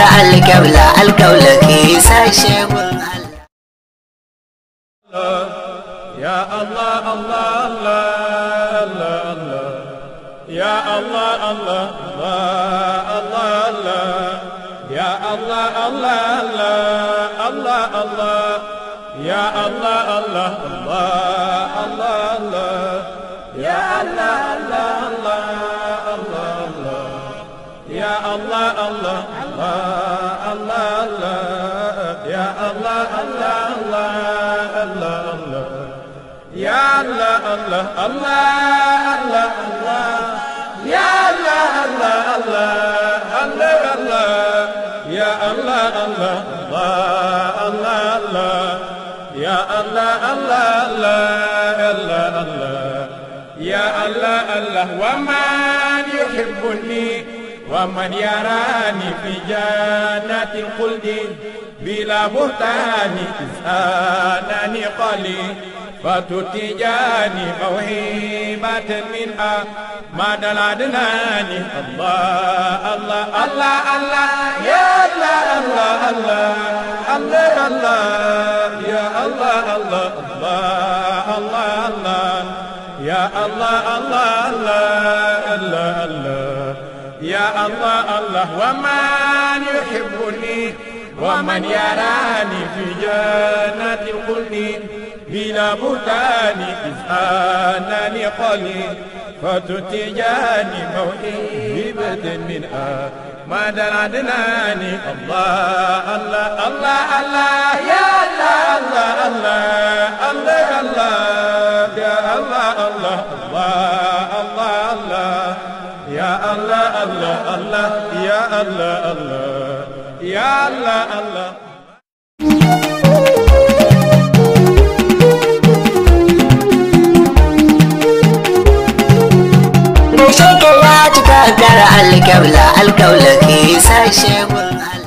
القولة القولة كيسة شغل يا الله الله الله الله الله يا الله الله الله الله الله يا الله الله الله الله الله يا الله الله الله الله الله يا الله يا الله الله الله الله يا الله الله الله الله الله يا الله الله الله الله الله يا الله الله الله الله الله يا الله الله الله الله الله يا الله الله الله الله الله يا الله الله ومن يحبني ومن يراني في جنات القلد بلا بهتان تسألني قلي فتتجاني موهبة منها ما عدناني الله الله الله الله يا الله الله الله الله الله يا الله الله الله الله الله يا الله الله الله الله الله يا الله الله ومن يحبني ومن يراني في جنة الخلد بلا بطان إذ أنني قليل فتتجاني موهبة من أحمد العدنان الله الله الله الله يا الله الله الله Allah Allah Allah ya Allah Allah ya Allah Allah cika ke sashe gun